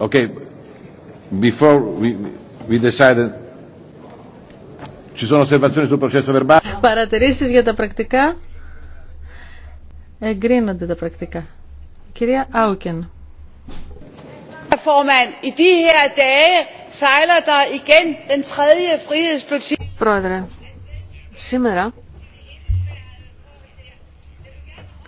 Okay. Παρατηρήσεις για τα πρακτικά. Εγκρίνονται τα πρακτικά. Κυρία Άουκεν. Πρόεδρε, σήμερα